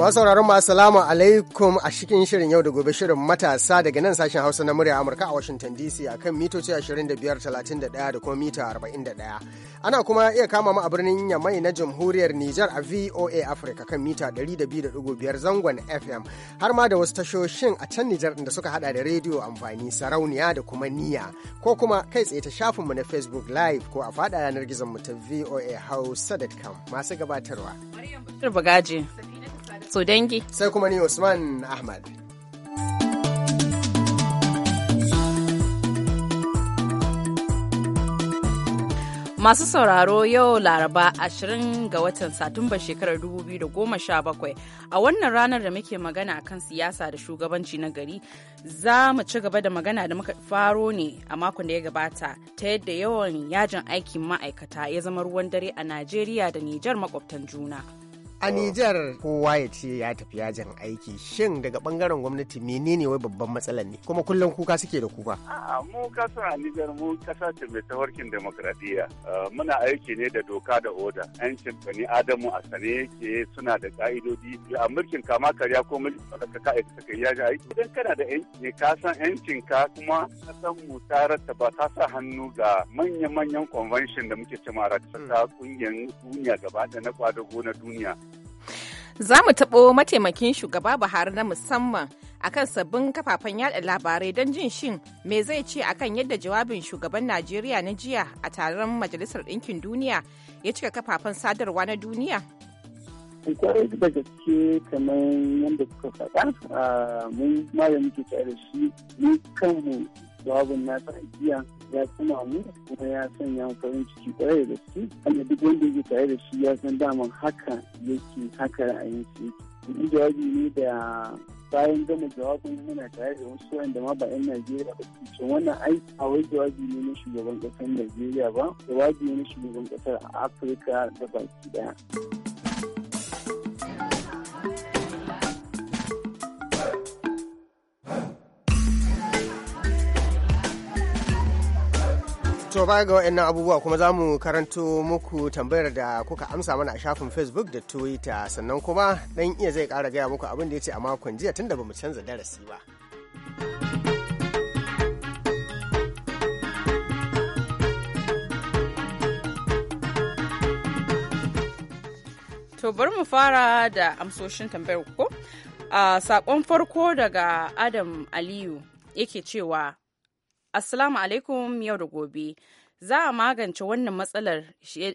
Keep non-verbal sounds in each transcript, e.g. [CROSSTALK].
Masu sauraron mu salamu alaikum a cikin shirin yau da gobe shirin matasa daga nan sashen Hausa na murya Amurka a Washington DC a kan mitoci 25.31 da kuma mita 41. Ana kuma iya kama mu a birnin Yamai na Jamhuriyar Nijar a VOA Africa kan mita 200.5 zangon FM har ma da wasu tashoshin a can Nijar da suka hada da rediyo amfani sarauniya da kuma niya ko kuma kai tsaye ta shafinmu na Facebook Live ko a fada yanar gizon mu ta VOA Hausa.com masu gabatarwa. so dangi sai kuma ni usman ahmad Masu sauraro yau Laraba 20 ga watan Satumba shekarar 2017 a wannan ranar da muke magana a kan siyasa da shugabanci na gari za mu ci gaba da magana da muka faro ne a makon da ya gabata ta yadda yawan yajin aikin ma'aikata ya zama ruwan dare a Najeriya da Nijar makwabtan juna. a Nijar kowa ya ce ya tafi yajin aiki shin daga bangaren gwamnati menene wai babban matsalar ne kuma kullum kuka suke da kuka a mu kasa a Nijar mu kasa ce mai tawarkin demokradiyya muna aiki ne da doka da oda yancin bani adamu a sane yake suna da ka'idodi a mulkin kama karya ko mulkin ka ka yajin aiki idan kana da yanci ne ka san yancin ka kuma ka san mu ta ba kasa sa hannu ga manya-manyan convention da muke cema ta kungiyar duniya gaba da na kwadago na duniya Za mu taɓo mataimakin shugaba Buhari na musamman akan sabbin kafafen yada labarai don jin shin me zai ce akan yadda jawabin shugaban Najeriya na jiya a taron Majalisar Ɗinkin Duniya ya cika kafafen sadarwa na duniya? kwarai da gaske kamar yadda suka faɗa ah, mun ma da muke tare da shi ni kanmu jawabin nasa jiya ya kuma mu kuma ya sanya mu farin ciki kwarai da su amma duk wanda yake tare da shi ya san daman haka yake haka ra'ayin su yake jawabi ne da bayan gama jawabin muna tare da wasu wanda ma ba 'yan Najeriya ba su wannan aiki a wai jawabi ne na shugaban kasar Najeriya ba jawabi ne na shugaban kasar Afirka da baki daya. To baya ga waɗannan abubuwa kuma za mu karanto muku tambayar da kuka amsa mana a shafin Facebook da Twitter sannan kuma ɗan iya zai ƙara gaya muku abin da ya ce a makon jiya tunda ba mu canza darasi ba. To bari mu fara da amsoshin tambayar ko? A saƙon farko daga Adam Aliyu yake cewa Assalamu alaikum yau da gobe. Za a magance wannan matsalar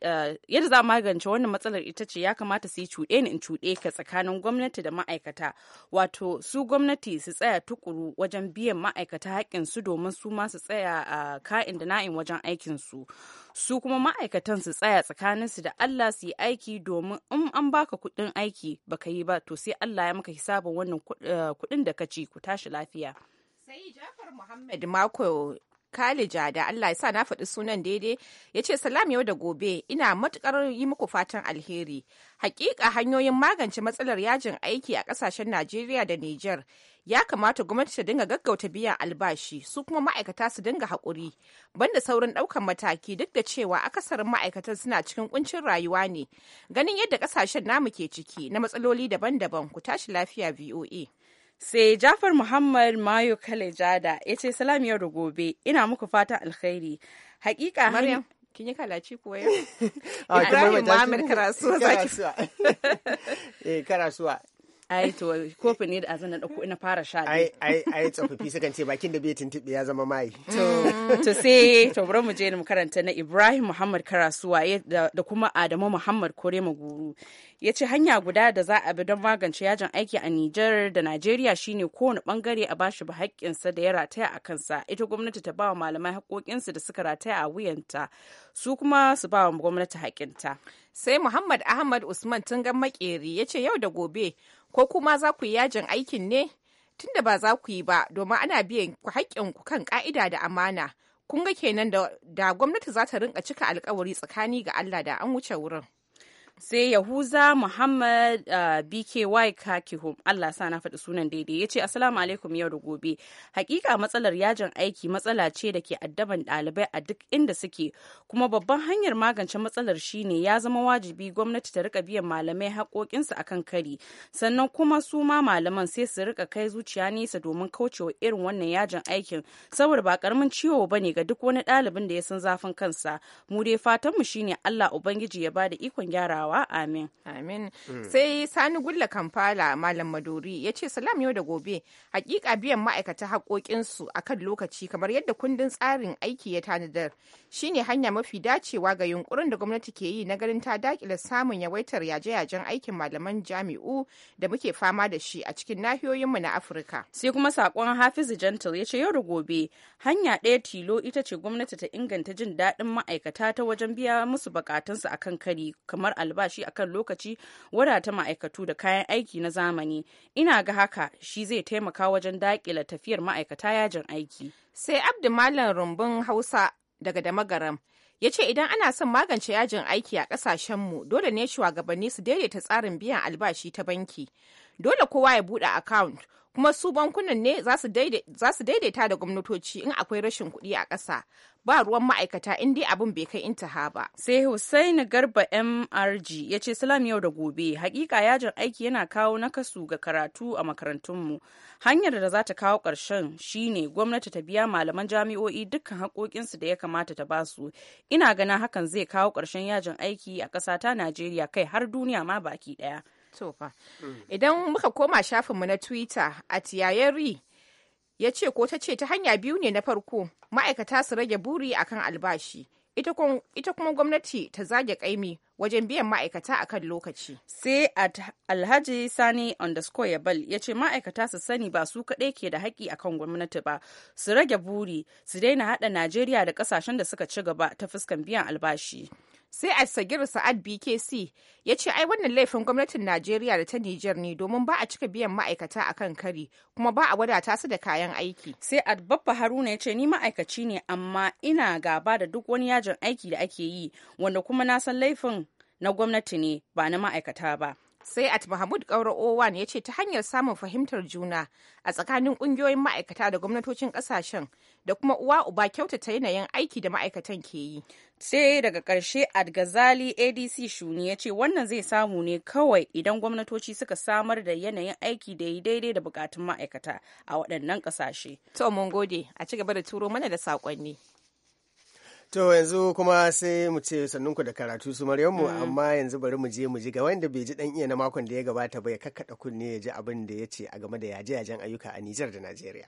eh, yadda za a magance wannan matsalar ita ce ya kamata su yi cuɗe ni in cuɗe ka tsakanin gwamnati da ma'aikata wato su gwamnati su tsaya tukuru wajen biyan ma'aikata su domin su ma su tsaya a ka'in da na'in wajen aikin su su kuma ma'aikatan su tsaya su da Allah su yi aiki domin in an baka kuɗin aiki baka yi ba to sai Allah ya maka hisabin wannan eh, kuɗin da ka ci ku tashi lafiya. yi Jafar Muhammad Mako Kalija da Allah ya sa na faɗi sunan daidai ya ce salam yau da gobe ina matukar yi muku fatan alheri. Hakika hanyoyin magance matsalar yajin aiki a ƙasashen Najeriya da Nijar ya kamata gwamnati ta dinga gaggauta biyan albashi su kuma ma'aikata su dinga haƙuri banda saurin ɗaukan mataki duk da cewa akasarin ma'aikatan suna cikin kuncin rayuwa ne ganin yadda ƙasashen namu ke ciki na matsaloli daban-daban ku tashi lafiya VOA. sai jafar muhammad mayo Jada ya ce salamiyar yau da gobe ina muku fatan alkhairi hakika Mariam kin yi kalaci kuwa yau [LAUGHS] ah, ibrahim muhammad karasuwa zaki [LAUGHS] eh, karasuwa ai to kofi ne da azan na dauko ina fara sha ai ai ai tsofaffi sukan ce bakin da bai tuntube ya zama mai [LAUGHS] to to sai to bari mu je mu karanta na Ibrahim Muhammad Karasuwa eh, da kuma Adamu Muhammad Kore Maguru ya ce hanya guda da za a bi don magance yajin aiki a Nijar da Najeriya shine kowane bangare a bashi ba haƙƙinsa da ya rataya a kansa ita gwamnati ta ba wa malamai haƙoƙinsu da suka rataya a wuyanta su kuma su bawa wa gwamnati haƙƙinta. Sai Muhammad Ahmad Usman tun ga Makeri ya ce yau da gobe ko kuma za ku yi yajin aikin ne tunda ba za ku yi ba domin ana biyan ku ku kan ƙa'ida da amana kun ga kenan da gwamnati za ta rinka cika alkawari tsakani ga Allah da an wuce wurin. sai yahuza muhammad uh, bky kakihum allah sa na faɗi sunan daidai ya ce assalamu alaikum yau da gobe hakika matsalar yajin aiki matsala ce da ke addaban ɗalibai a duk inda suke kuma babban hanyar magance matsalar shine ya zama wajibi gwamnati ta rika biyan malamai haƙoƙinsu akan kari sannan kuma su ma malaman sai su rika kai zuciya nesa domin kaucewa irin wannan yajin aikin saboda ba karamin ciwo ba ne ga duk wani ɗalibin da ya san zafin kansa mu dai fatanmu shine allah ubangiji ya bada ikon gyarawa amin amin mm. sai sani gulla kamfala malam maduri ya ce salam yau da gobe hakika biyan ma'aikata haƙoƙinsu a kan lokaci kamar yadda kundin tsarin aiki ya tanadar shine hanya mafi dacewa ga yunkurin da gwamnati ke yi na ganin ta dakile samun yawaitar yaje-yajen aikin malaman jami'u da muke fama da shi a cikin nahiyoyinmu na afirka sai kuma saƙon hafizu gentle ya ce yau da gobe hanya ɗaya tilo ita ce gwamnati ta inganta jin daɗin ma'aikata ta wajen biya musu bukatunsu akan kari kamar al albashi kan lokaci wadata ma'aikatu da kayan aiki na zamani ina ga haka shi zai taimaka wajen daƙila tafiyar ma'aikata yajin aiki sai abdu malam rumbun hausa daga damagaram ya ce idan ana son magance yajin aiki a kasashenmu dole ne shugabanni su daidaita tsarin biyan albashi ta banki dole kowa ya buɗe account kuma su bankunan ne za su daidaita da gwamnatoci in akwai rashin kuɗi a ƙasa ba ruwan ma'aikata in dai abin bai kai intaha ba. Sai Hussaini Garba MRG ya ce salam yau da gobe hakika yajin aiki yana kawo nakasu ga karatu a makarantunmu. Hanyar da za ta kawo ƙarshen shine gwamnati ta biya malaman jami'o'i dukkan haƙoƙinsu da ya kamata ta basu. Ina ganin hakan zai kawo ƙarshen yajin aiki a ƙasa ta Najeriya kai har duniya ma baki ɗaya. tofa mm. idan muka koma shafinmu na twitter atyayeri yayari ya ce ko ta ce ta hanya biyu ne na farko ma'aikata su rage buri akan albashi ita kuma gwamnati ta zage kaimi wajen biyan ma'aikata a kan lokaci. Sai Alhaji Sani underscore Yabal ya ce ma'aikata su sani ba su kaɗai ke da haƙƙi akan gwamnati ba, su rage buri, su daina haɗa Najeriya da ƙasashen da suka ci gaba ta fuskan biyan albashi. sai sagiru sa'ad bkc ya ce ai wannan laifin gwamnatin najeriya da ta nijar ne domin ba a cika biyan ma'aikata a kan kari kuma ba a wadata su da kayan aiki sai adbabba haruna ya ce ni ma'aikaci ne amma ina gaba da duk wani yajin aiki da ake yi wanda kuma na san laifin na gwamnati ne ba na ma'aikata ba sai at mahmud kaura owan ya ce ta hanyar samun fahimtar juna a tsakanin kungiyoyin ma'aikata da gwamnatocin kasashen da kuma uwa uba kyautata yanayin aiki da ma'aikatan ke yi. Sai daga karshe Adgazali ADC Shuni ya ce wannan zai samu ne kawai idan gwamnatoci suka samar da yanayin aiki da yi daidai da bukatun ma'aikata a waɗannan ƙasashe. To mun gode a ci gaba da turo mana da saƙonni. To yanzu kuma sai mu ce sannunku da karatu su Maryamu mm. amma yanzu bari mu je mu ji ga wanda bai ji dan iya na makon da ya gabata ba ya kakkada kunne ya ji abin da ya ce a game da yaje yajen ayyuka a Nijar da Najeriya.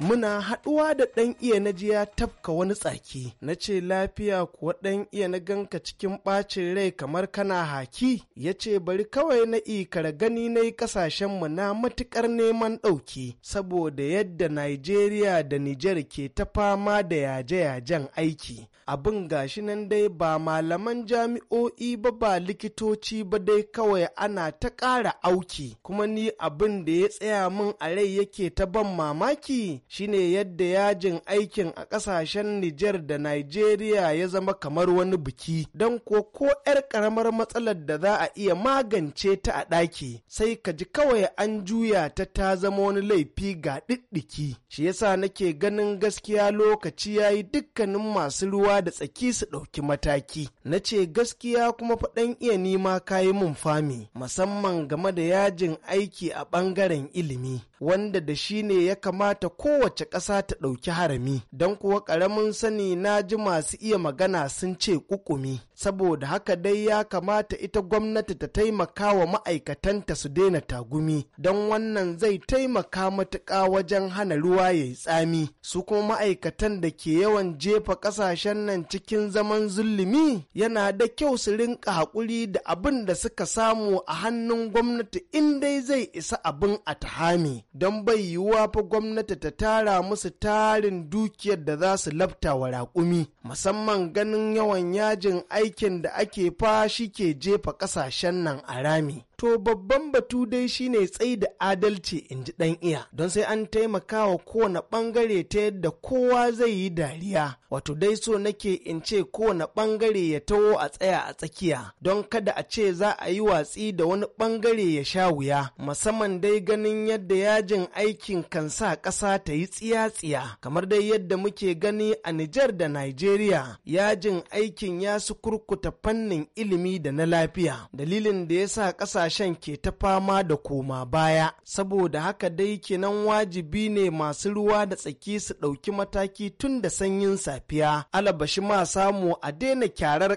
muna haɗuwa da ɗan iya na ji ya tafka wani tsaki na ce lafiya kuwa ɗan iya na ganka cikin ɓacin rai kamar kana haki ya ce bari kawai na ikar gani na yi ƙasashen mu na matuƙar neman ɗauki saboda yadda Najeriya da Nijar ke ta fama da yaje-yajen aiki abin gashi nan dai ba malaman jami'o'i ba ba likitoci ba dai kawai ana ta ƙara auki kuma ni abin da ya tsaya min a rai yake ta ban mamaki shine yadda yajin aikin a ƙasashen Nijar da Najeriya ya zama kamar wani biki don ko ko 'yar ƙaramar matsalar da za a iya magance ta a ɗaki sai ka ji kawai an juya ta ta zama wani laifi ga ɗiɗɗiki shi yasa nake ganin gaskiya lokaci ya yi dukkanin masu ruwa da tsaki su ɗauki mataki na ce gaskiya kuma faɗan iya nima kayi mun fami musamman game da yajin aiki a ɓangaren ilimi wanda da shi ne ya kamata ko kowace ƙasa ta ɗauki harami don kuwa ƙaramin sani na ji masu iya magana sun ce ƙuƙumi. saboda haka dai ya kamata ita gwamnati ta taimaka wa ma'aikatanta su daina tagumi don wannan zai taimaka matuƙa wajen hana ruwa ya yi tsami su kuma ma'aikatan da ke yawan jefa ƙasashen nan cikin zaman zulumi yana da kyau su rinka haƙuri da abin da suka samu a hannun gwamnati in dai zai isa abin a tahami don bai yiwuwa fa gwamnati ta tara musu tarin dukiyar da za su labta wa raƙumi musamman ganin yawan yajin aikin da ake fashi ke jefa ƙasashen nan a rami To babban batu dai shine tsayi da adalci in ji ɗan iya, don sai an taimaka wa kowane ɓangare ta yadda kowa zai yi dariya. Wato dai so nake in ce kowane ɓangare ya taho a tsaya a tsakiya, don kada a ce za a yi watsi da wani ɓangare ya sha wuya, musamman dai ganin yadda yajin aikin kan sa ƙasa ta yi tsiya-tsiya, kamar dai yadda muke gani a Nijar da Najeriya, yajin aikin ya su kurkuta fannin ilimi da na lafiya, dalilin da ya sa ƙasa kasashen ke ta fama da koma baya saboda haka dai kenan wajibi ne masu ruwa da tsaki su ɗauki mataki tun da sanyin safiya alabashi ma samu a daina kyarar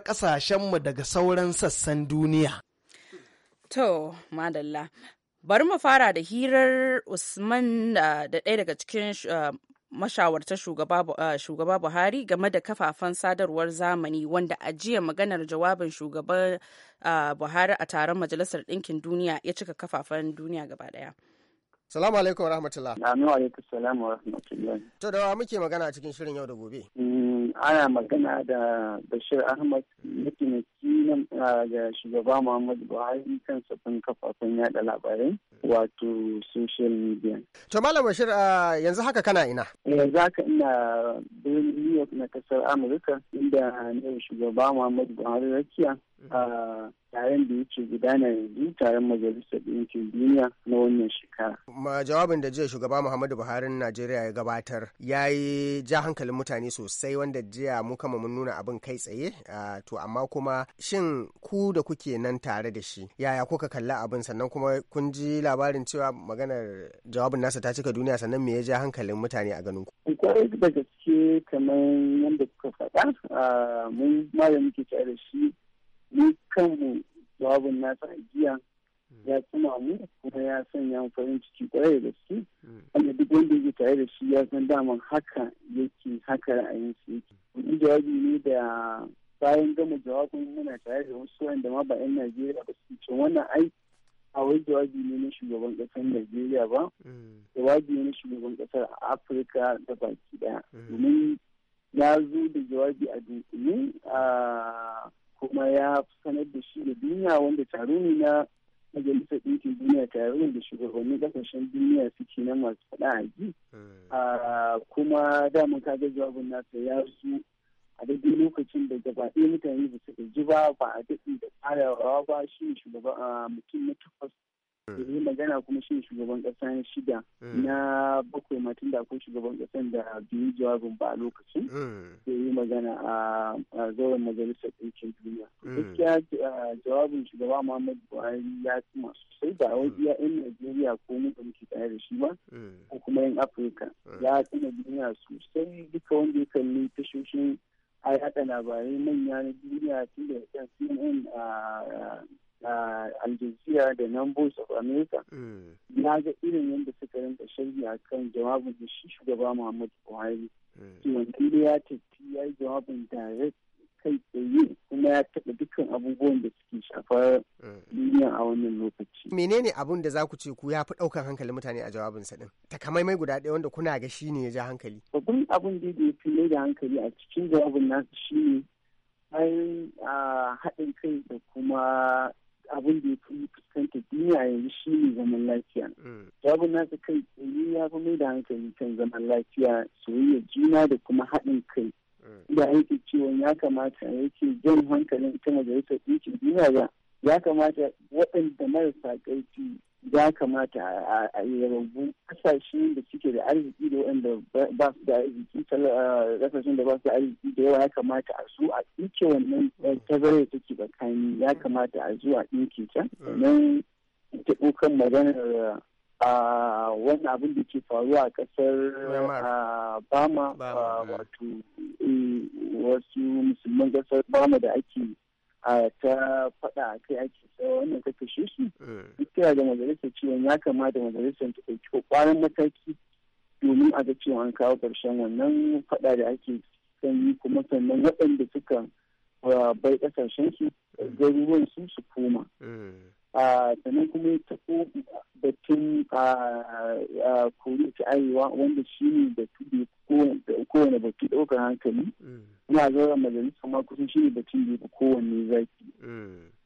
mu daga sauran sassan duniya. To, madalla. Bari mu fara da hirar Usman ah, da ɗaya daga cikin ah, mashawarta ah, shugaba Buhari game da kafafen sadarwar zamani wanda a jiya maganar jawabin shugaba ah, Buhari a taron Majalisar Ɗinkin Duniya ya cika kafafen duniya gaba ɗaya. Salamu alaikum wa rahmatullah. Amin wa alaikum wa rahmatullah. To da wa muke magana a cikin shirin yau da gobe? Mm, ana magana da Bashir Ahmad mutumin da ah, shugaba Muhammadu Buhari kan sabbin kafafen yada labarai wato social media. To Malam Bashir yanzu haka kana ina? Yanzu haka ina birnin New na kasar Amurka inda ne shugaba Muhammadu Buhari rakiya mm. a taron da yake gudana yanzu taron majalisar ɗinkin duniya na wannan shekara. Ma jawabin da jiya shugaba Muhammadu Buhari na Najeriya ya gabatar ya yi ja hankalin mutane sosai wanda jiya mu kama mun nuna abin kai tsaye to amma kuma shin ku da kuke nan tare da shi yaya kuka kalla abin sannan kuma kun ji labarin labarin cewa maganar jawabin nasa ta cika duniya sannan me ya ja hankalin mutane a ganin ku eh, kwarai da gaske kamar yadda kuka faɗa mun ma da muke tare da shi ni kanmu jawabin nasa a jiya hmm. ya kuma mu kuma ya sanya farin ciki kwarai da gaske hmm. wanda duk wanda yake tare da shi ya san daman haka yake haka ra'ayin su yake wani jawabi ne da bayan gama jawabin muna tare da wasu wanda ma ba 'yan najeriya ba su ce wannan aiki. a wai jawabi ne na shugaban ƙasar Najeriya ba, mm. jawabi ne na shugaban ƙasar Afirka da baki daya mm. Domin ya zo da jawabi a dunkule kuma ya sanar da shi da duniya wanda taro ne na majalisar ɗinkin duniya tare da shugabannin ƙasashen duniya suke na masu faɗa a ji mm. kuma daman kaga jawabin nasa ya zo a daidai lokacin da gaba ɗaya mutane ba su gaji ba ba a daɗi da tsarawa ba shi ne shugaban mutum na takwas hmm. da yi magana kuma shi ne shugaban ƙasa na shida hmm. na bakwai matun da shugaban ƙasan da biyu jawabin ba a lokacin hmm. da yi magana a zauren majalisar ɗinkin duniya gaskiya jawabin shugaba muhammadu buhari ya fi masu sosai ba wai iya yan najeriya ko mu da muke tare da shi ba ko kuma yan afirka ya tsina duniya sosai duka wanda ya kalli tashoshin a yada labarai manya na duniya tun da CNN a Al da nan Voice of America. Mm. Na ga irin yadda suka rinka sharhi a kan jawabin da shi shugaba Muhammadu Buhari. Kiwon mm. ya tafi ya yi jawabin direct kai tsaye kuma ya taɓa dukkan abubuwan da suke shafar eh. duniya a wannan lokaci. Menene abun da za ku ce ku ya fi ɗaukan hankalin mutane a jawabinsa ɗin? Takamaimai guda ɗaya wanda kuna ga shi ne ya ja hankali. Babban abun da ya fi mai da hankali a cikin jawabin nasu shi ne bayan haɗin kai da kuma abun da ya fi fuskantar duniya yanzu shi ne zaman lafiya. Mm. Jawabin nasu kai tsaye ya fi mai da hankali kan zaman lafiya soyayyar juna da kuma haɗin kai. da yake ciwon ya kamata yake jan hankalin ta majalisar ɗinkin duniya ba ya kamata waɗanda marasa ƙarfi ya kamata a yi rabu ƙasashe da suke da arziki da waɗanda ba su da arziki ƙasashen da ba su da arziki da yawa ya kamata a zo a ɗinke wannan tazarar take tsakani ya kamata a zo a ɗinke ta mm. sannan ta maganar wani abin da ke faruwa a kasar bama eh. wato eh, wasu musulman kasar bama da ake ta faɗa a kai ake tsaye wannan ta kashe su eh. kira da majalisar cewa ya kamata majalisar ta ɗauki kwakwaran mataki domin a ga cewa an kawo ƙarshen wannan faɗa da ake yi kuma sannan waɗanda suka bai ƙasashen su garuruwan su su koma Ah, sannan kuma ya taɓo batun ah, ah, kuri ta arewa wanda shi ne batu da kowane batu ɗaukar hankali mm. ina zaura majalisa ma kusan shi ne batun da ya fi kowanne zaki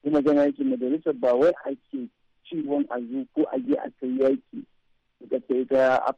kuma mm. gana yake majalisa ba wai ake ci a zo ko a je a kai yaki da ta ita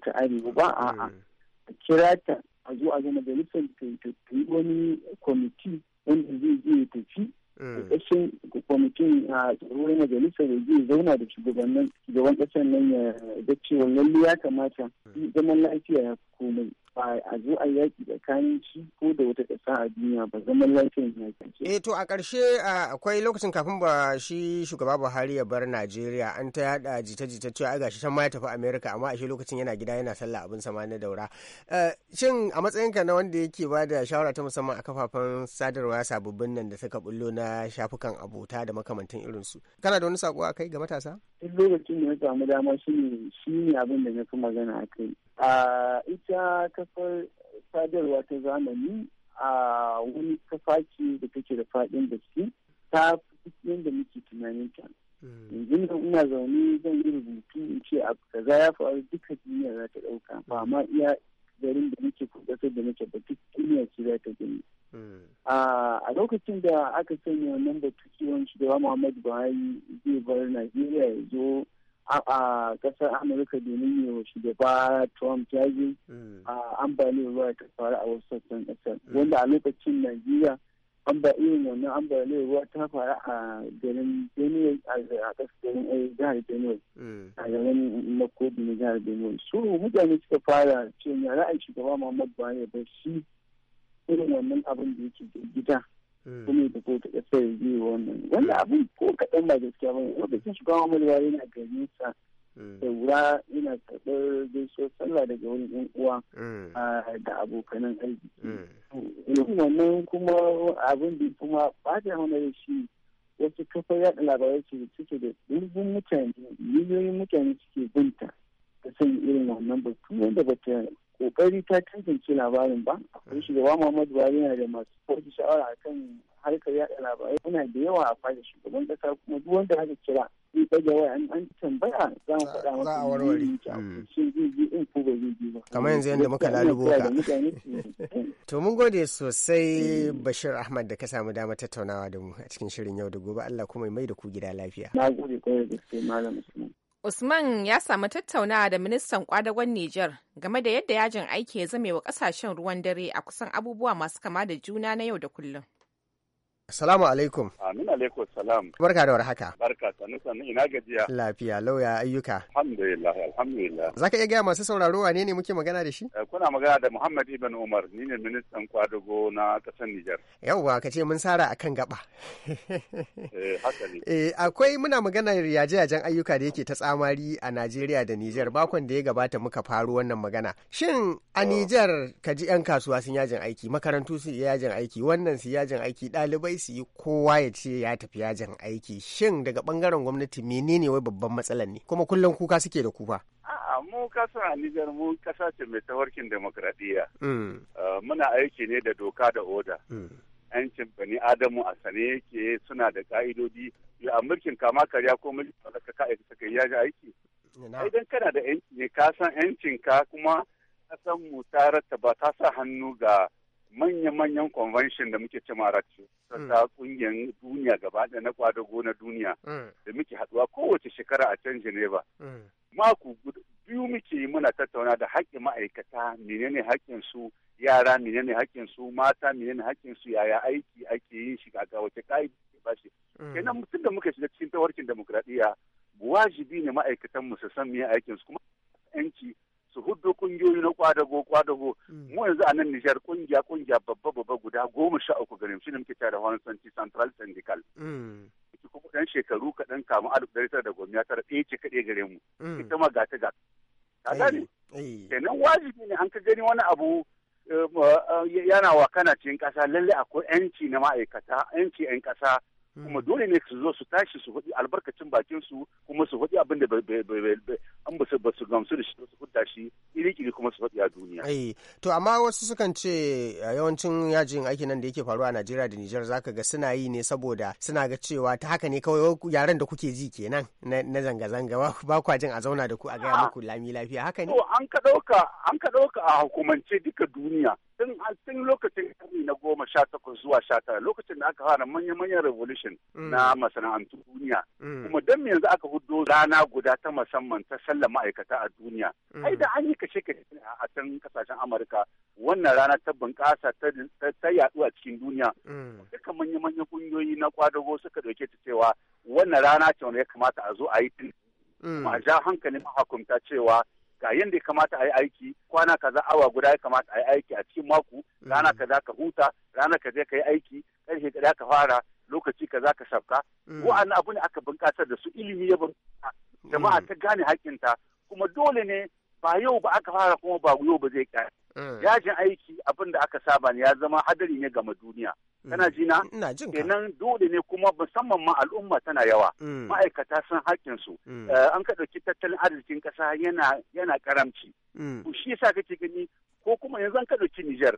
ta arewa ba a mm. a kira ta a zo a zo majalisar ta yi wani kwamiti wanda zai je ya tafi Eh. ƙarƙashin kwamitin a tsoron majalisar zai zauna da shugaban ƙasar nan ya da cewa lalle ya kamata eh. zaman lafiya ya komai ba a zo a yaƙi tsakanin shi ko da wata ƙasa a duniya ba zaman lafiyar yaƙi. Eh to a ƙarshe akwai lokacin kafin ba shi shugaba Buhari ya bar Najeriya an ta yaɗa jita-jita cewa ga shi can ma ya tafi Amerika amma a shi lokacin yana gida yana sallah abin sama na daura. Eh, shin a matsayinka na wanda yake ba da shawara ta musamman a kafafen sadarwa sababbin nan da suka bullo na shafukan abota da makamantan irinsu. Kana da wani sako a kai ga matasa? Duk lokacin da ya samu dama shi ne abin da na fi magana a kai. a ita kafar sadarwa ta zamani a wani kafa ce da take da faɗin su ta fi da muke tunanin ta hmm. yanzu da ina zaune zan yi rubutu in ce a kaza ya faru duka duniya za ta ɗauka ba hmm. ma iya garin da muke kudasar da muke ba duk duniya ce za ta gani hmm. a lokacin da aka sanya wannan batu yawan shugaba muhammadu buhari zai bar najeriya ya zo a kasar amurka domin yi wa shugaba trump yi mm. a ambaliyar ruwa ta faru a wasu sassan kasar mm. wanda a lokacin najeriya an ba irin wannan ruwa ta faru a garin benue a kasar eh, jihar benue mm. a garin makobi na jihar benue su mutane suka fara cewa ra'ayin shugaba muhammadu buhari ba shi irin wannan abin da yake gida kuma eh. da ko ta kasar biyu wannan wanda abin ko kaɗan ba gaskiya ba lokacin shugaban amurwa yana gari sa eh. da wura yana karɓar gaisuwar sallah daga wani yan uwa eh. da abokanan aiki. irin wannan kuma abin da kuma ɓata mana da shi wasu kafa yaɗa labarai ce suke da ɗumbin mutane miliyoyin mutane suke binta da sanya irin wannan batu wanda ba ta kokari ta tantance labarin ba akwai shugaba muhammadu buhari yana da masu kofi shawara kan harkar yada labarai yana da yawa a fada shugaban kasa kuma duk wanda haka kira zai ɗaga waya an tambaya za mu faɗa masa warware hmm. shi zai je in ko ba zai je ba kamar yanzu yadda muka lalubo ka to mun gode sosai hmm. bashir ahmad da ka samu dama tattaunawa da mu a cikin shirin yau da gobe allah kuma mai da ku gida lafiya na gode kwarai da gaske malam musulman Usman ya samu tattaunawa da ministan kwadagon Nijar game da yadda yajin aiki ya zame wa kasashen ruwan dare a kusan abubuwa masu kama da juna na yau da kullum. Assalamu alaikum. Amin alaikum salam. Barka da warhaka. Barka sanu sanu ina gajiya. Lafiya lauya ayyuka. Alhamdulillah alhamdulillah. Zaka iya gaya masu sauraro wane ne muke magana da shi? Eh, kuna magana da Muhammad Ibn Umar ni ne ministan kwadago na kasar Nijar. Yawwa ka ce mun sara akan gaba. Eh haka ne. [LAUGHS] Eh akwai muna magana yaje-yajen ayyuka da yake ta tsamari a Najeriya da Nijar bakon da ya gabata muka faro wannan magana. Shin a oh. Nijar ka ji 'yan kasuwa sun yajin aiki makarantu sun yajin aiki wannan sun yajin aiki ɗalibai su yi kowa ya ce ya tafi yajin aiki shin daga bangaren gwamnati menene wai babban matsalar ne kuma kullum kuka suke da kuka. a'a mu kasa a Nijar mu kasa ce mai tawarkin demokradiyya hmm. uh, muna aiki ne da doka da oda hmm. yancin bani adamu a sane yake suna da ka'idodi a mulkin kama karya ko mulkin ka suka aiki idan kana da yanci ka san yancin ka kuma ka san mu ta rattaba ta sa hannu ga manya-manyan convention da muke cewa ratu hmm. ta kungiyar duniya gaba da na kwadago na duniya hmm. da muke haduwa kowace shekara a can Geneva. Hmm. Mako biyu muke muna tattauna da haƙƙin ma'aikata menene haƙƙin su yara menene haƙƙin su mata menene haƙƙin su yaya aiki ake yin shi ga wace ƙa'ida ba shi. Kenan mutum da muka shiga cikin tawarkin demokradiyya wajibi ne ma'aikatan mu su san me aikin su kuma 'yanci su hudu kungiyoyi na kwadago kwadago hmm. mu yanzu a nan Nijar kungiya kungiya babba babba guda goma sha uku garin shi ne muke tare da Honsanti Central Syndical. Hmm. Ita kuma shekaru kaɗan kamun alif ɗari tara da goma ya tara ɗaya ce kaɗai gare mu. Hmm. Ita ma gata ga. Ka gane? Kenan wajibi ne an ka gani wani abu eh, eh, yana kana cikin ƙasa lallai akwai 'yanci na ma'aikata 'yanci 'yan ƙasa kuma dole ne su zo su tashi su faɗi albarkacin bakin su kuma su faɗi abin da an ba su gamsu da shi su fudda shi iri-iri kuma su faɗi a duniya. Ai, to amma wasu sukan ce yawancin yajin aiki nan da yake faruwa a Najeriya da Nijar zaka ga suna yi ne saboda suna ga cewa ta haka ne kawai yaren da kuke ji kenan na zanga-zanga ba kwa jin a zauna da ku a gaya muku lami lafiya haka ne. To an ka ɗauka an ka ɗauka a hukumance duka duniya tun tun lokacin karni na goma sha takwas zuwa sha tara lokacin da aka fara manya-manyan revolution mm. na masana'antu duniya mm. kuma don yanzu aka hudo rana guda ta musamman ta sallar ma'aikata a duniya mm. ai da an yi kashe kashe a can kasashen amurka wannan rana ta bunƙasa ta yaɗu a cikin duniya duka manya-manyan kungiyoyi na kwadago suka dauke ta cewa wannan rana ce wanda ya kamata a zo a yi tun a ja hankalin mahakumta cewa ga yanda ya kamata a yi aiki kwana kaza awa guda ya kamata a yi aiki a cikin mako mm. rana kaza ka huta rana kaza ka yi aiki ƙarshe kaza ka fara lokaci kaza ka shafka mm. wa'annan abu ne aka bunƙasa da su ilimi ya bunƙasa jama'a mm. ta gane hakinta kuma dole ne ba yau ba aka fara kuma ba yau ba zai kare yajin aiki abin da aka saba ne ya zama hadari ne game duniya Mm. Kana ji na? Kenan dole ne kuma musamman ma al'umma tana yawa. Mm. Ma'aikata sun haƙƙin su. Mm. Eh, an ka ɗauki tattalin arzikin ƙasa yana yana karamci. ku shi yasa kake gani ko kuma yanzu an ka ɗauki Nijar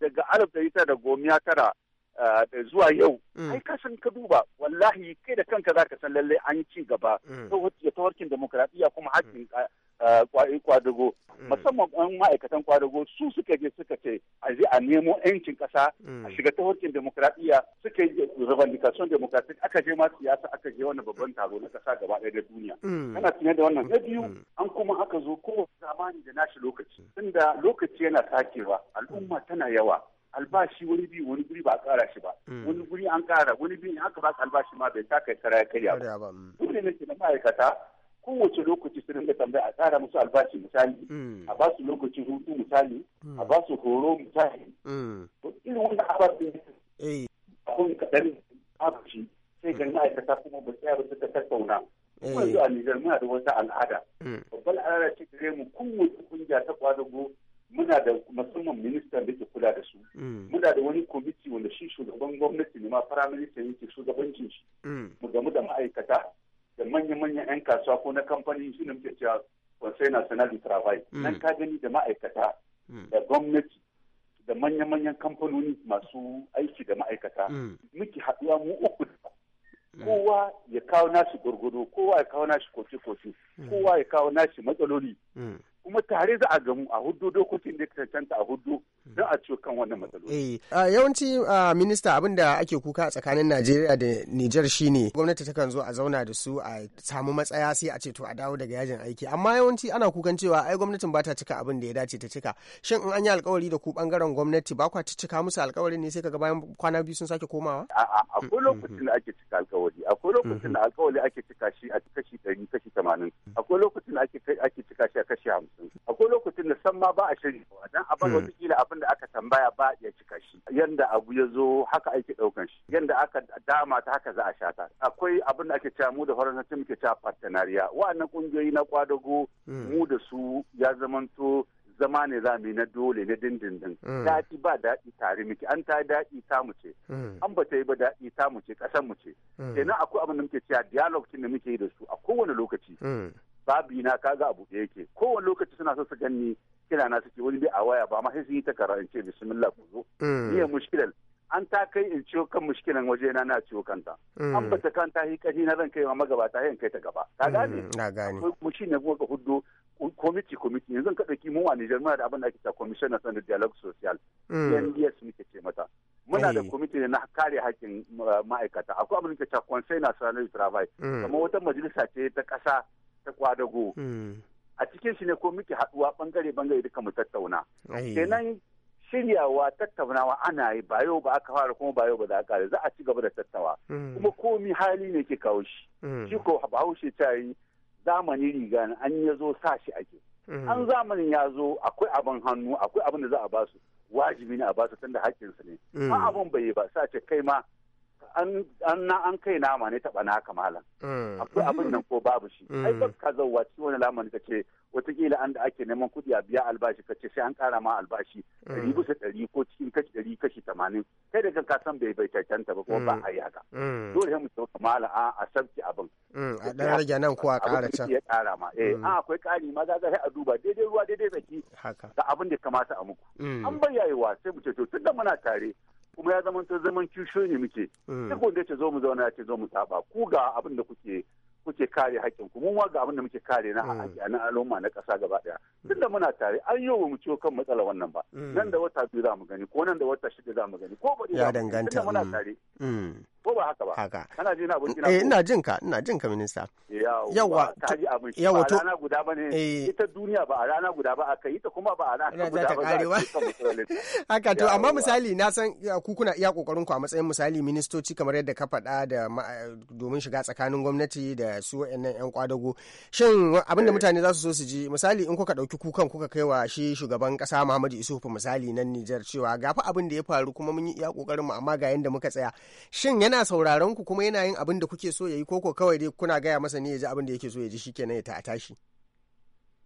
daga alif da ita da gomiya tara eh, da zuwa yau. Ai ka san ka duba wallahi kai da kanka zaka san lallai an ci gaba. Ta tawarkin demokuraɗiyya kuma haƙƙin eh, Eh, kwadago mm. musamman ɗan ma'aikatan kwadago su suka je suka ce a je a nemo 'yancin ƙasa a mm. shiga ta harkin demokradiyya suka yi revendication democratic aka je ma siyasa aka je wani babban taro na ƙasa gaba ɗaya da duniya mm. ana tunye da wannan na biyu an kuma aka zo kowace zamani da nashi lokaci tunda lokaci yana sakewa al'umma tana yawa albashi wani bi wani guri ba a kara shi ba wani guri an kara wani biyu aka ba albashi ma bai taka kara ya karya ba dole ne ke na ma'aikata kowace lokaci su dinga tambaya a tsara musu albashi misali mm. a ba su lokaci hutu misali mm. a ba su horo misali mm. to irin wannan ababen kun eh. kaɗan abashi sai ga ma'aikata kuma ba tsaya ba ta tattauna kuma eh. zuwa Nijar muna da wata al'ada babbar al'ada ce gare mu kowace kungiya ta kwadago muna da musamman minista da ke kula da su muna da wani komiti wanda shi shugaban gwamnati ne ma firaministan yake shugabancin shi mu gamu da ma'aikata da manya-manyan 'yan kasuwa ko na kamfanin shi ne muke cewa Conseil National du Travail. Mm. Nan ka gani da ma'aikata mm. da gwamnati da manya-manyan kamfanoni masu aiki da ma'aikata mm. muke haɗuwa mu uku kowa ya kawo nashi gwargwado kowa ya kawo nashi koce. koce kowa ya kawo nashi matsaloli kuma tare za a gamu a hudu dokokin da ta canta a hudu don a ciwo kan wannan matsaloli. Eh, yawanci minista abin da ake kuka a tsakanin Najeriya da Nijar shine gwamnati takan zo a zauna da su a samu matsaya sai a ce to a dawo daga yajin aiki amma yawanci ana kukan cewa ai gwamnatin ba ta cika abin da ya dace ta cika shin in an yi alkawari da ku bangaren gwamnati ba kwa ta cika musu alkawarin ne sai kaga bayan kwana biyu sun sake komawa. A'a akwai mm-hmm. lokacin da ake cika alkawari akwai lokacin da mm-hmm. alkawari ake cika shi a kashi ɗari kashi tamanin akwai lokacin da ake cika shi a kashi hamsin. akwai lokacin da san ma ba a shiri dan a bar kila hmm. abin da aka tambaya ba ya cika shi yanda abu ya zo haka ake daukan shi yanda aka dama ta haka za a sha ta akwai abin da ake cewa mu da faransanci muke cewa partenariya wa'annan kungiyoyi na kwadago hmm. mu da su ya zamanto zama ne za mu yi na dole na dindindin. Hmm. Daɗi ba daɗi tare muke, an ta daɗi ta mu ce, an ba ta yi ba daɗi ta mu ce, ƙasan mu ce. Kenan akwai abin da muke cewa dialogue da muke yi da su a kowane lokaci. babi na kaga abu da yake kowane lokaci suna son su ganni kira na suke wani bi a waya ba ma sai sun yi takara in ce bismillah ku zo mm. ni ya an ta kai in ciwo kan mushkilan waje na na ciwo kanta mm. an bata ta hi kaji na zan kai ma magabata hin kai ta gaba ka mm, gane akwai mu shine kuma ka huddo komiti komiti yanzu ka dauki mu a Niger muna da abin da ake ta commission na sanar dialogue social NDS muke ce mata muna da ne na kare hakkin uh, ma'aikata akwai abin da ke ta conseil national du travail kamar wata majalisa ce ta kasa ta kwadago hmm. a cikin shi ne ko muke haɗuwa bangare bangare duka mu tattauna kenan shiryawa tattaunawa ana yi ba yau ba aka fara kuma ba yau ba za a kare za a ci gaba da tattawa hmm. kuma komi hali ne ke kawo shi hmm. shi ko bahaushe ta yi zamani riga an ya zo sa shi ake an zamanin ya zo akwai abin hannu akwai abin da za a basu wajibi ne a basu tunda haƙƙinsu ne ma abin bai yi ba sa ce kai ma an na an kai nama ne taɓa naka malam. Mm. Akwai abin nan ko babu shi. Ai mm. ba ka zauwa cikin wani lamani ka ce watakila an da ake neman kuɗi a biya albashi ka ce sai an ƙara ma albashi mm. ɗari bisa ɗari ko cikin kashi ɗari kashi tamanin kai da kan kasan bai bai cancanta ba kuma ba a yi haka. Dole sai mu sauka malam a sabki abin. A ɗan rage nan ko a ƙara can. Ya ƙara ma. Eh a akwai ƙari ma za a duba daidai ruwa daidai tsaki. Haka. Da abin da kamata a muku. An bayyana sai mu ce to tun da muna tare kuma ya zama ta zaman kishiyoyi ne muke eh. duk wanda ya ce zo mu zauna ya ce zo mu saba ku ga abin da kuke kuke kare hakkin ku mun ga abin da muke kare na eh. haƙƙi na al'umma na ƙasa gaba daya eh. tun da muna tare an yi wa mu ciwo kan matsala wannan ba nan da wata biyu za mu gani ko nan da wata shida za mu gani ko ba ya danganta muna mm. tare mm. ko ba haka ba haka kana jin abinci na eh ina jin ka ina jin ka minista yawa yawa to rana guda ne eh. ita duniya ba a rana guda ba aka yi ta kuma ba a rana guda ba [LAUGHS] haka to amma misali na san ku kuna iya kokarin ku a matsayin misali ministoci kamar yadda ka faɗa da domin shiga tsakanin gwamnati da su wayannan yan kwadago shin abinda eh. mutane za su so su ji misali in kuka dauki kukan kuka kaiwa shi shugaban kasa Muhammadu Isufu misali nan Nijar cewa gafi abin da ya faru kuma mun yi iya kokarin mu amma ga yanda muka tsaya shin yana yana sauraron ku kuma yana yin abin da kuke so ya yi koko kawai dai kuna gaya masa ne ya ji abin da yake so ya ji shikenan ya ta tashi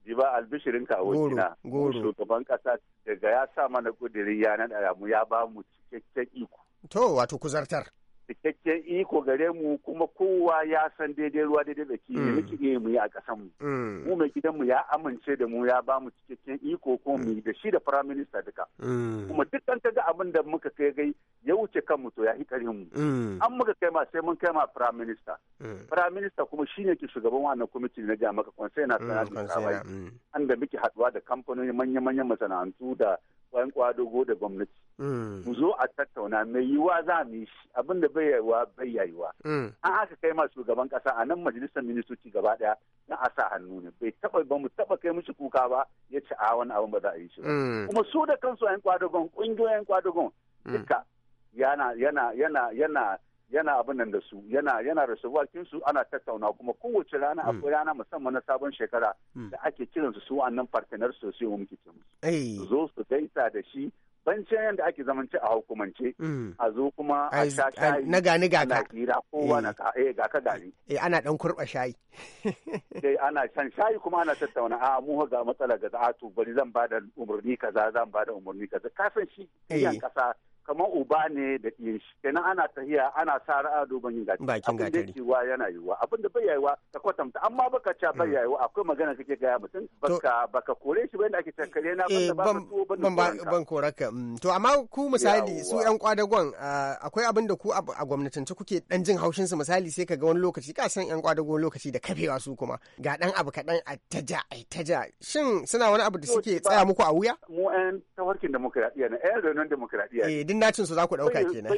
jiba albishirin ka abokina shugaban kasa daga ya sa mana kudirin ya da mu ya ba mu cikakken iko to wato kuzartar cikakken iko gare mu kuma kowa ya san daidai ruwa daidai da ke mm. da muke iya mu yi a ƙasan mu. Mm. Mu mai gidan mu ya amince da mu ya ba mu cikakken iko ko mu da shi da Prime Minister duka. Mm. Kuma duk an ta ga abin da muka kai gai ya wuce kan mu to ya hikarin mu. An muka kai ma sai mun kai ma Prime Minister. Prime Minister kuma shi ne ke shugaban wannan kwamiti na jami'a maka kwansai na sanar da An da muke haɗuwa da kamfanoni manya-manyan masana'antu da 'yan kwadago da gwamnati. Mm. Mu zo a tattauna mai yiwuwa za mu yi shi abin da bai yiwuwa bai yiwuwa. Mm. An haka kai ma shugaban kasa a nan majalisar ministoci gaba daya na a sa hannu ne bai taba ba mu taba kai musu kuka ba ya ci a wani abin ba za a yi shi mm. Kuma su da kansu 'yan kwadagon ƙungiyoyin kwadagon duka yana yana abin nan da su yana yana rasuwakin su ana tattauna kuma kowace rana hmm. akwai rana musamman na sabon shekara hmm. da ake kiran su su wannan partner sosai muke ce zo su gaisa da shi bancin yadda ake zamanci a hukumance hmm. a zo kuma a sha na gani ga ka na eh. ka eh ga ka gani eh ana dan kurba shayi [LAUGHS] dai ana shan shayi kuma ana tattauna a ah, mu ga matsalar ga za ah, to bari zan bada umarni kaza zan bada umarni kaza kasan shi yan kasa kamar uba ne da ɗiyan shi kenan ana tahiya ana sa ra'a domin yin gaci bakin gatari cewa yana yiwuwa abin da bai yiwuwa ka kwatanta amma baka ca bai mm. yiwuwa akwai magana kake gaya mutum baka baka kore shi bai eh, da ake tankare na ba ban ban koraka mm, to amma ku misali su yan kwadagon ah, akwai abin da ku a gwamnatance kuke dan jin haushin su misali sai ka ga wani lokaci ka san yan kwadagon lokaci da kafewa su kuma ga dan abu kadan a taja a taja shin suna wani abu da suke tsaya muku a wuya mu yan tawarkin demokradiya ne yan renon demokradiya nacin su za ku dauka kenan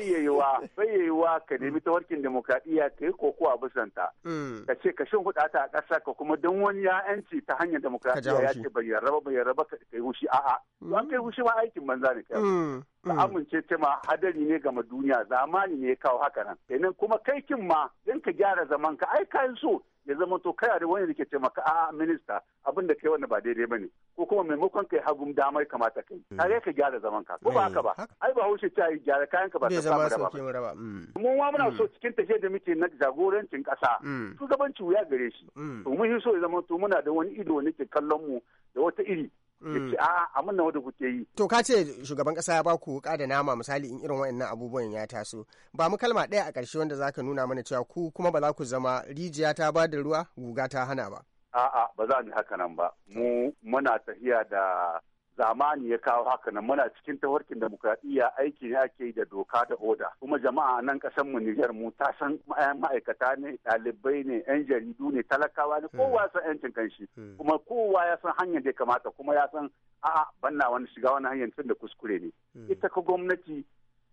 ka nemi tawarkin demokradiyya ka yi a bisan ta mm. ka ce ka shin hudata a ƙasa ka kuma don wani yayanci ta hanyar demokradiyya ya ce bai yarraba bai yarraba ka yi hushi a'a to ka yi hushi ma aikin banza ne kai mm, ka mm. amince ce ma hadari ne ga duniya zamani ne ya kawo haka nan kenan kuma kai kin ma in ka gyara zaman ka ai ka so ya zama to kai da wani ke taimaka maka a minista abin da kai wani ba daidai ba ne ko kuma maimakon kai hagun damar kamata kai hmm. ga ka gyara zaman ka ko ba haka ba hmm. ai ba haushe ta yi gyara kayan ka ba ta samu raba hmm. mun wa muna so cikin tafiya da muke na jagorancin kasa shugabanci wuya gare shi to mun so ya zama to muna da wani ido ne ke kallon mu da wata iri yace mm. a kuke yi to ka ce shugaban kasa ya ba ku wuka da nama misali in irin waɗannan abubuwan ya taso ba mu kalma ɗaya a ƙarshe wanda zaka nuna mana cewa ku kuma ba za ku zama rijiya ta ba da ruwa guga ta hana ba a'a ba za mu haka nan ba mu muna tafiya da zamani ya kawo haka nan muna cikin tawarkin demokradiyya aiki ne ake yi da doka da oda kuma jama'a nan kasan mu Nijar mu ta san ma'aikata ne ɗalibai ne yan jaridu ne talakawa ne kowa san yancin kanshi hmm. Hmm. kuma kowa ya san hanyar da ya kamata kuma ya san a'a banna wani shiga wani hanyar tun da kuskure ne hmm. ita ka gwamnati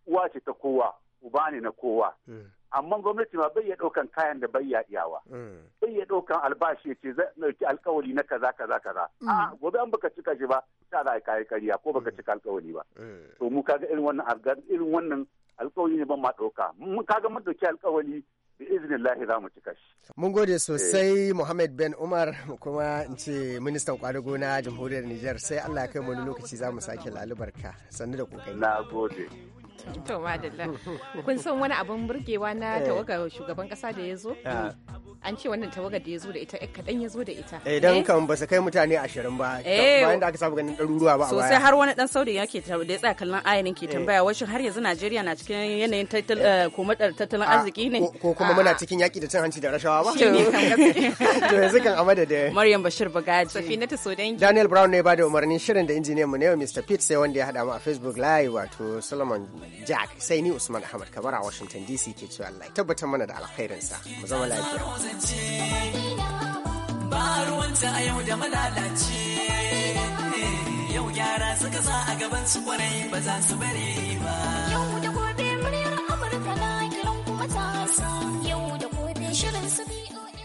uwa ce ta kowa uba ne na kowa amma gwamnati ma bai ya ɗaukan kayan da bai ya iyawa mm. bai ya ɗaukan albashi ce zai ɗauki alkawari na kaza kaza kaza mm. a gobe an baka cika shi ba ta za a yi kariya ko baka mm. cika alkawari ba to mu kaga irin wannan irin wannan alkawari ne ban ma ɗauka mun kaga mun ɗauki alkawari bi izinin lahi za mu cika shi. Mun gode eh. sosai Muhammad Ben Umar kuma in ce ministan kwari gona jamhuriyar Nijar sai Allah ya kai mu lokaci za mu sake lalubarka sannu da kokari. Na gode. [LAUGHS] to madalla kun san wani abin burgewa na eh. tawaga shugaban kasa da ya zo ah. an ce wannan tawagar da ya zo da ita ɗan eh, kaɗan ya zo da ita. Eh dan eh? kan ba su kai mutane ashirin ba. Eh. Bayan da aka samu ganin ɗaruruwa ba a baya. Sosai har wani ɗan saudi yake da ya tsaya kallon ayanin ke tambaya wai har yanzu Najeriya na cikin yanayin komadar tattalin ah, arziki ne. Ko kuma muna ah. cikin yaƙi da cin hanci da rashawa ba. [LAUGHS] [LAUGHS] To yanzu kan amada da. Maryam Bashir Bagaji. Safina ta Sodangi. Daniel Brown ne ba da umarnin shirin da injiniyan mu ne Mr. Pete sai wanda ya hada mu a Facebook Live wato Solomon Jack sai ni Usman Ahmad Kabara a Washington DC ke cewa Allah tabbatar mana da alkhairinsa mu zama lafiya. ce ba ruwanta a yau da malalace eh, yau gyara suka sa a gaban su kwarai ba za su bari ba